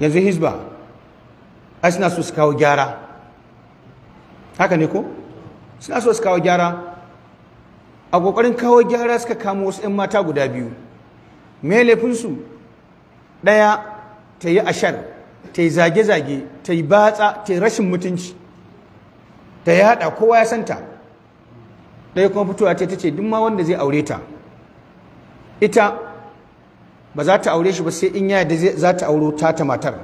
yanzu hizba ai suna so su kawo gyara haka ne ko suna so su kawo gyara a kokarin kawo gyara suka kamo wasu 'yan mata guda biyu me laifinsu ɗaya ta yi ashar ta yi zage-zage ta yi batsa ta yi rashin mutunci ta yada kowa ya santa ɗaya kuma fitowa ta ce duk ma wanda zai aure ta ita ba za ta aure shi ba sai in ya yadda za ta auro ta ta matar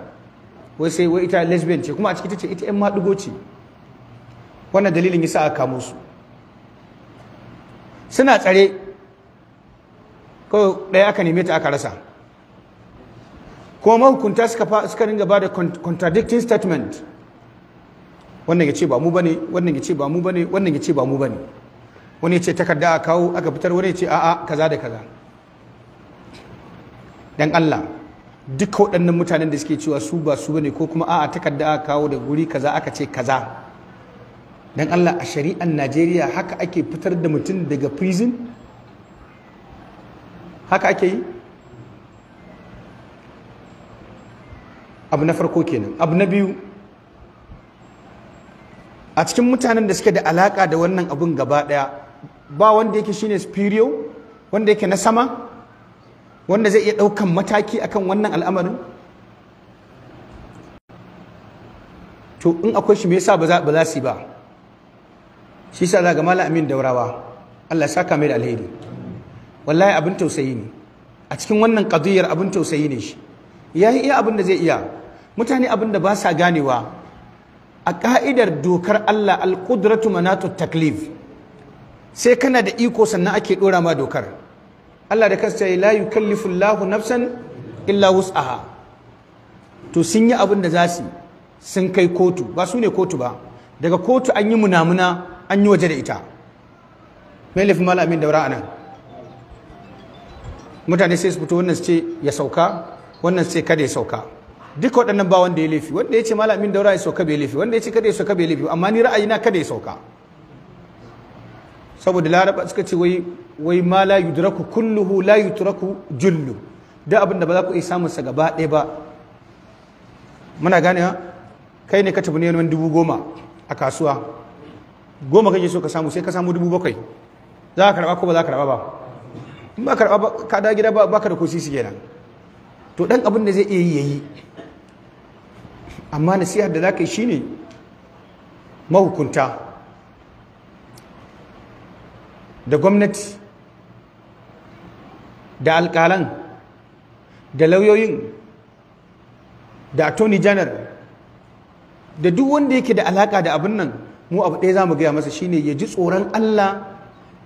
wai sai wai ita lesbian ce kuma a ciki tace ita yan maɗigo ce wannan dalilin yasa aka kamo su suna tsare kawai ɗaya aka neme ta aka rasa kuma mahukunta suka suka ringa ba da contradicting statement wannan ya ce ba mu bane wannan ya ce ba mu bane wannan ya ce ba mu bane wani ya ce takarda a kawo aka fitar wani ya ce a'a kaza da kaza dan Allah duk waɗannan mutanen da suke cewa su ba su bane ko kuma a'a takarda aka kawo da guri kaza aka ce kaza dan Allah a shari'ar Najeriya haka ake fitar da mutum daga prison haka ake yi abu na farko kenan abu na biyu a cikin mutanen da suke da alaka da wannan abun gaba daya ba wanda yake shine superior wanda yake na sama wanda zai iya ɗaukan mataki akan wannan al'amarin to in akwai shi me yasa ba za su ba shi yasa za ga malam amin daurawa Allah saka mai da alheri wallahi abin tausayi ne a cikin wannan qadiyar abin tausayi ne shi yayi iya abin da zai iya mutane abin da ba sa ganewa a ka'idar dokar Allah al-qudratu manatu taklif sai kana da iko sannan ake dora ma dokar Allah da kansa ya la kallifin lahu nafsan illa aha to sun yi abin da za su sun kai kotu ba su ne kotu ba daga kotu an yi munamuna an yi waje da ita mai laifin malamin daura a nan mutane sai su fito wannan su ce ya sauka wannan su ce kada ya sauka duka waɗannan ba wanda ya laifi wanda ya ce malamin daura ya sauka bai laifi wanda ya ce kada ya sauka bai laifi amma ni ra'ayi na kada ya sauka saboda laraba suka ce wai wai ma la yudraku kulluhu la yutraku jullu da abin da ba za ku iya samun sa gaba ɗaya ba muna gane ha kai ne ka tafi neman dubu goma a kasuwa goma kake so ka samu sai ka samu dubu bakwai za ka karba ko ba za ka karba ba in ba karba ba ka da gida ba ka da kusi su kenan to dan abin da zai iya yi yayi amma nasihar da za ka yi shine mahukunta da gwamnati da alkalan da lauyoyin da attorney general da duk wanda yake da alaka da abin nan mu abu ɗaya za mu gaya masa shine ya ji tsoron Allah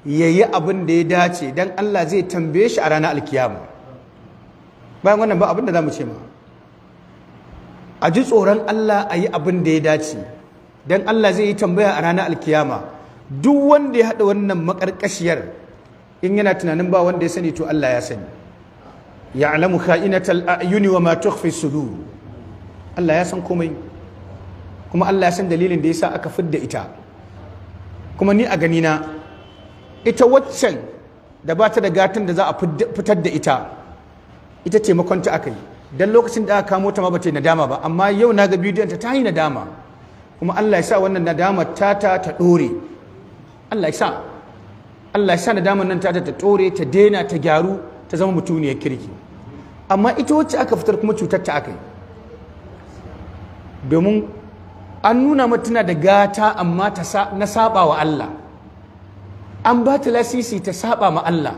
ya yi abin da ya dace don Allah zai tambaye shi a ranar alkiyama bayan wannan ba abin da za mu ce ma a ji tsoron Allah a yi abin da ya dace don Allah zai yi tambaya a ranar alkiyama duk wanda ya haɗa wannan maƙarƙashiyar in yana tunanin ba wanda ya sani to Allah ya sani ya alamu ka'inatal a'yuni wa ma tukhfi sudur Allah ya san komai kuma Allah ya san dalilin da yasa aka fidda ita kuma ni a gani na ita waccan da ba ta da gatan da za a fitar da ita ita ce makonta akai dan lokacin da aka kamo ta ma ba ta nadama ba amma yau na ga bidiyon ta ta yi nadama kuma Allah ya sa wannan nadama ta ta ta dore Allah ya sa Allah ya sa nadaman nan ta ta tore ta daina ta gyaru ta zama mutuniyar kirki amma ita wacce aka fitar kuma cutar ta aka yi domin an nuna mutuna da gata amma ta na saba wa Allah an ba ta lasisi ta saba ma Allah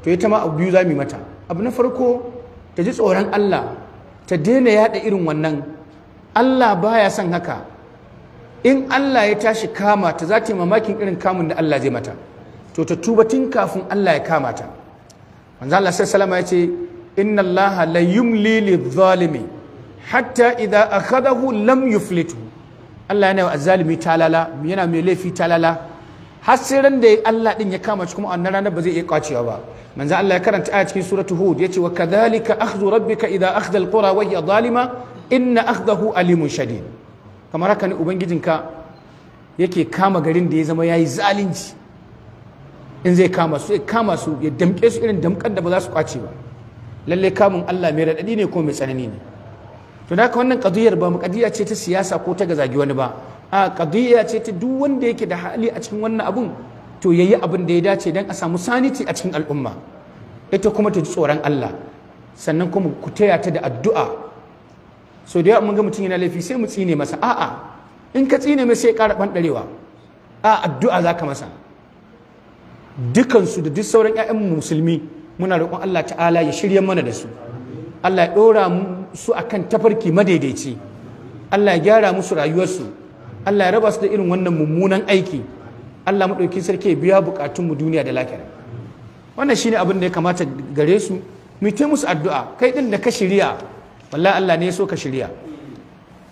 to ita ma abu biyu za mu mata abu na farko ta ji tsoron Allah ta daina yada irin wannan Allah baya son haka in Allah ya tashi kama ta za ta yi mamakin irin kamun da Allah zai mata to ta tuba tun kafin Allah ya kama ta manzo Allah sai salama ya ce inna Allah la yumli lidh-zalimi hatta idza akhadahu lam yuflitu Allah yana azzalimi talala yana mai laifi talala har sai ran da Allah din ya kama shi kuma annan ranar ba zai iya kwacewa ba manzo Allah ya karanta aya cikin suratu hud yace wa kadhalika akhdhu rabbika idza akhadha al-qura wa hiya zalima inna akhdahu alimun shadid kamar haka ne ubangijinka yake kama garin da ya zama ya yi zalunci in zai kama su ya kama su ya damke su irin damkar da ba za su kwace ba lallai kamun Allah mai raɗaɗi ne ko mai tsanani ne to da wannan kadiyar ba kadiyya ce ta siyasa ko ta gazagi wani ba a kadiyya ce ta duk wanda yake da hali a cikin wannan abun to ya yi abin da ya dace dan a samu saniti a cikin al'umma ita kuma ta ji tsoron Allah sannan kuma ku taya ta da addu'a so da yawa mun ga mutum yana laifi sai mu tsine masa a'a in ka tsine mai sai ya ƙara ɓanɗarewa a addu'a za ka masa dukansu da duk sauran 'ya'yan musulmi muna roƙon Allah ta'ala ya shirya mana da su Allah ya ɗora su a kan tafarki madaidaici Allah ya gyara musu rayuwarsu Allah ya raba su da irin wannan mummunan aiki Allah maɗauki sarki ya biya buƙatunmu duniya da lafiya wannan shine abin da ya kamata gare su mu yi musu addu'a kai ɗin da ka shirya wallahi Allah ne so ka shirya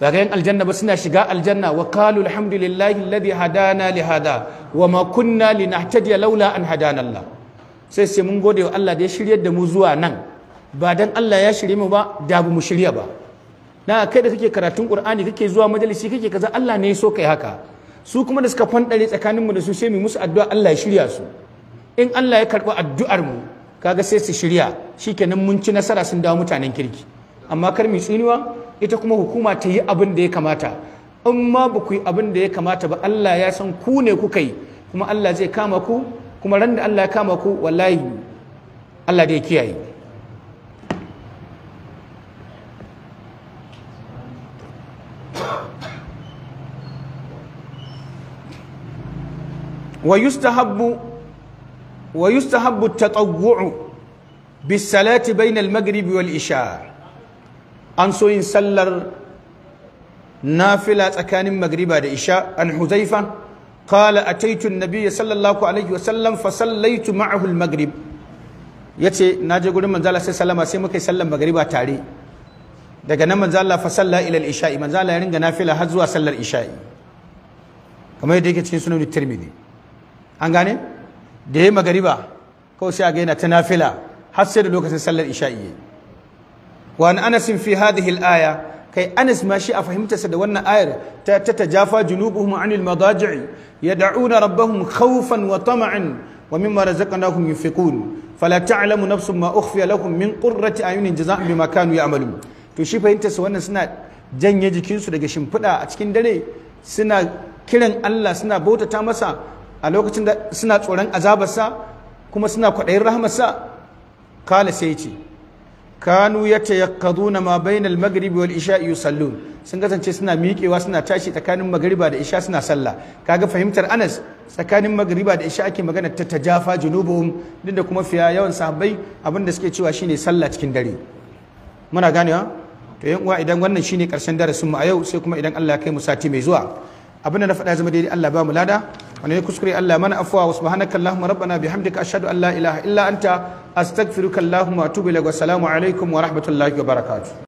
bagayen aljanna ba suna shiga aljanna wa kalu alhamdulillahi alladhi hadana li hada wa ma kunna linahtadiya laula an hadana Allah sai sai mun gode wa Allah da ya shiryar da mu zuwa nan ba dan Allah ya shirye mu ba da mu shirya ba na kai da kake karatun Qur'ani kake zuwa majalisi kake kaza Allah ne ya so kai haka su kuma da suka fanɗare tsakanin mu da su sai mu musu addu'a Allah ya shirya su in Allah ya karɓi addu'ar mu kaga sai su shirya shikenan mun ci nasara sun dawo mutanen kirki amma kar mu tsiniwa ita kuma hukuma ta yi abin da ya kamata in ma ba ku yi abin da ya kamata ba Allah ya san ku ne kuka yi kuma Allah zai kama ku kuma ran da Allah ya kama ku wallahi Allah da ya kiyaye wa yustahabbu wa yustahabbu at-tatawwu bis salati bayna al-maghribi wal isha an so yin sallar nafila tsakanin magriba da isha an huzaifa qala ataitu an fa sallaitu ma'ahu al-maghrib yace naje gurin manzo sai sallama sai muka yi sallar magriba tare daga nan manzo fa salla ila ishai manzo ya ringa nafila har zuwa sallar isha'i kamar yadda yake cikin sunan Tirmidhi an gane da yayi magriba kawai sai a ga ta nafila har sai da lokacin sallar isha'i wa anasin fi hadhihi al-aya kai anas ma shi a fahimtarsa da wannan ayar ta tatajafa junubuhum anil madaji'i yad'una rabbahum khawfan wa tama'an wa mimma razaqnahum yunfiqun fala ta'lamu nafsun ma ukhfiya lahum min qurrati ayunin jazaa'an bima kanu ya'malun to shi fahimtarsa wannan suna janye jikinsu daga shimfiɗa a cikin dare suna kiran Allah suna bautata masa a lokacin da suna tsoron azabarsa kuma suna kwaɗayin rahamarsa kala sai ce kanu ya tayakkaduna ma bainal maghribi wal isha yusallun sun kasance suna miƙewa suna tashi tsakanin magariba da isha suna sallah kaga fahimtar Anas tsakanin magariba da isha ake magana ta tajafa junubuhum duk da kuma fiya yawan sahabbai abinda suke cewa shine sallah cikin dare muna ganewa to yan uwa idan wannan shine karshen darasin mu a yau sai kuma idan Allah ya kai mu sati mai zuwa abinda na faɗa zama daidai Allah ba mu lada wani ya kuskure Allah mana afuwa wa subhanaka allahumma rabbana bihamdika ashhadu an la ilaha illa anta astaghfiruka allahumma wa atubu ilaik wa assalamu alaikum wa rahmatullahi wa barakatuh